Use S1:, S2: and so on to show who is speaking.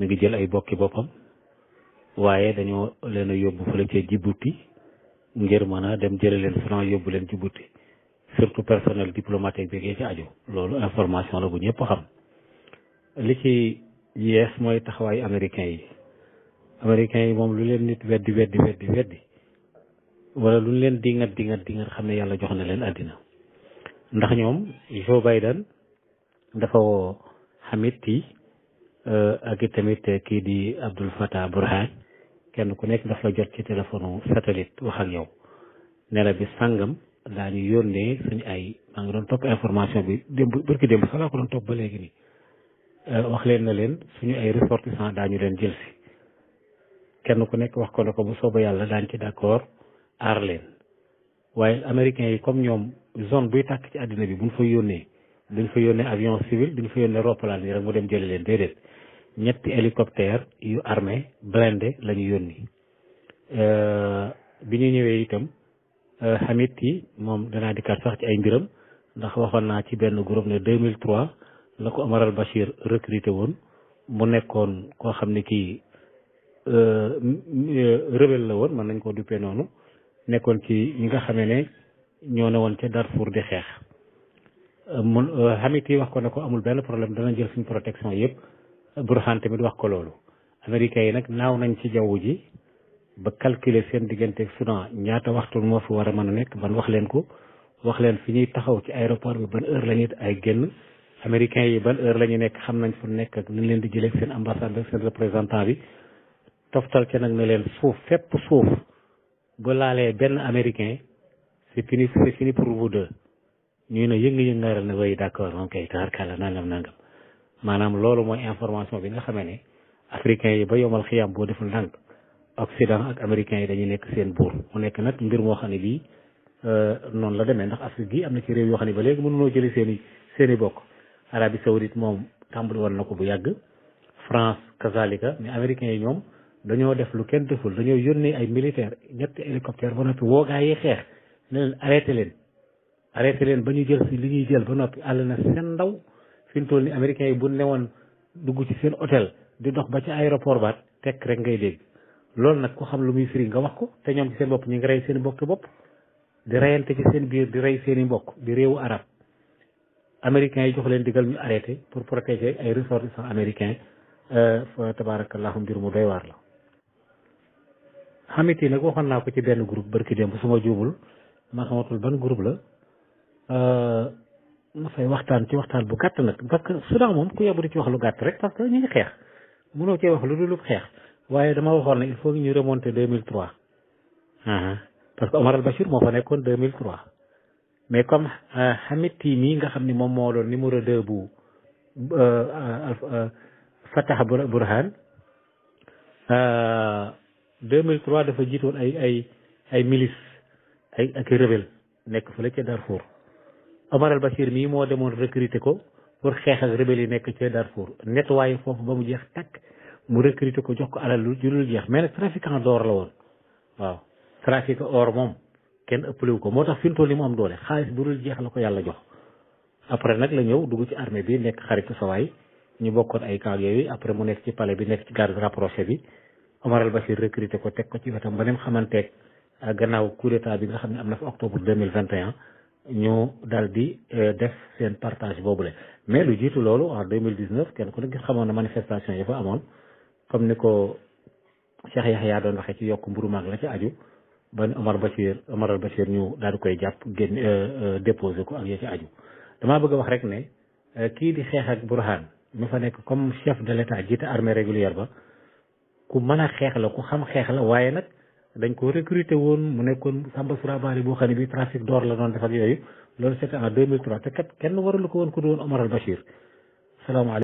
S1: mi ngi jël ay bokki boppam waaye dañoo leen a yóbbu fële ca Djibouti ngir mën a dem jële leen Soudan yóbbu leen Djibouti surtout personnel diplomatique bi gee ci aju loolu information la bu ñëpp xam li ci yees mooy taxawaayu américain yi américain yi moom lu leen nit weddi weddi weddi weddi wala lu ñu leen dingat dingat dingat xam ne yàlla jox na leen àddina ndax ñoom Joe Biden dafa woo Hamid Euh, ak it tamit euh, kii di Abdoul Fattah Burhan kenn ku nekk daf la jot ci téléphone satellite wax ak yow ne la bi sàngam daañu yónnee suñu ay maa ngi doon topp information bi démb barki démb sax laa ko doon topp ba léegi nii euh, wax leen na leen suñu ay ressortissant ñu leen jël si kenn ku nekk wax ko ne ko bu sooba yàlla daañ ci d'accord aar leen waaye américains yi comme ñoom zone buy tàkk ci àddina bi bu buñ fa yónnee duñ fa yónnee avion civil duñ fa yónnee roppalaan yi rek mu dem jëli leen déedéet ñetti hélicoptère yu armée blindé la ñu yónni euh, bi ñu ñëwee itam xamit euh, yi moom danaa dikkaat sax ci ay mbiram ndax waxoon naa ci benn groupe ne 2003 la ko Omar al Bachir woon mu nekkoon koo xam ne kii euh, rebelle la woon mën nañ koo duppee noonu nekkoon ci ñi nga xamee ne ñoo ne woon ca Darfour di xeex mun euh, Hamiti wax ko ne ko amul benn problème dana jël suñ protection yëpp Burhan tamit wax ko loolu américains yi nag naaw nañ ci jaww ji ba calculer seen diggante Soudan ñaata waxtu moo fi war a mën a nekk ban wax leen ko wax leen fi ñuy taxaw ci aéroport bi ban heure la ay génn américains yi ban heure la ñu nekk xam nañ fu nekk ak ni leen di jëlee seen ambassadeur seen représentant bi toftal ca nag ne leen suuf fépp suuf ba laalee benn américain c'est fini c'est ñuy ne yëngu-yëngaaral na way d'accord moom kay taarkalla nangam nangam maanaam loolu mooy information bi nga xamee ne africains yi ba yomal xiyaam boo deful ndànk Occident ak américains yi dañuy nekk seen buur mu nekk nag mbir moo xam ne lii euh, noonu la demee ndax Afrique gi am na ci yoo xam ne ba léegi mënunoo jëlee seen i seen i bokk Arabie Saoudite moom tàmbali woon na ko bu yàgg France kazalika mais américains yi ñoom dañoo def lu kenn deful dañoo yónnee ay militaire ñetti hélicoptère ba noppi woo gaa yi xeex ne arrêté leen arrêté leen ba ñu jël si li ñuy jël ba noppi àll na seen ndaw fi mu toll ni américains yi bu newoon dugg ci seen hôtel di dox ba ci aéroport baat tekk rek ngay dégg loolu nag ku xam lu muy firi nga wax ko te ñoom ci seen bopp ñu ngi rey seen bokki bopp di reyante ci seen biir di rey seen i mbokk di réewu arab américains yi jox leen digal ñu arrêté pour protéger ay ressortissants américains euh, fa tabarakallahu mbir mu doy waar la xamit yi nag waxoon naa ko ci benn groupe barki démb bu suma juumul ma xamatul ban groupe la na fay waxtaan ci waxtaan bu gàtt nag parce que Soudan moom ku yebbu di ci wax lu gàtt rek parce que ñu ngi xeex mënoo cee wax lu dul xeex waaye dama waxoon ne il faut ñu remonter 2003 uh-huh. parce que Omar al Bachir moo fa nekkoon 2003 mais comme euh, Hamid Timi nga xam ni moom moo doon numéro 2 bu euh, euh, Fatah Burhan 2003 dafa jiitoon ay ay ay milice ay ak rebelle nekk fële ca Darfour. Omar al Bashir mii moo demoon recruter ko pour xeex ak yi nekk ci Darfour nettoyé foofu ba mu jeex takk mu recruter ko jox ko alal lu dul jeex mais nag trafiquant d'or la woon waaw trafic or moom kenn ëpp ëppalewu ko moo tax fi mu toll nii mu am doole xaalis bu dul jeex la ko yàlla jox après nag la ñëw dugg ci armée bi nekk xaritu sawaay ñu bokkoon ay camp yooyu après mu nekk ci pale bi nekk ci garde rapproché bi Omar Bashir recruter ko teg ko ci wetam ba ne mu xamanteeg gannaaw coup d'état bi nga xam ne am na fa octobre deux ñu dal di euh, def seen partage boobu boobule mais lu jiitu loolu en 2019 kenn ku ne gis xamoon na manifestation yi fa amoon comme ni ko Cheikh Yahya doon waxee ci yokk mburu maag la ci aju ba Omar Bachir Omar Bachir ñu daal di koy jàpp génn euh, euh, déposé ko ak ya ci aju damaa bëgg a wax rek ne kii di xeex ak Burhan mu fa nekk comme chef de l' état jiite armée régulière ba ku mën a xeex la ku xam xeex la waaye nag dañ ko recruter woon mu nekkoon Samba Sourabali boo xam ne bii trafic la doon defal yooyu loolu c'était en 2003 te kat kenn waralu ko woon ku doon Omar al Bachir salaamaaleykum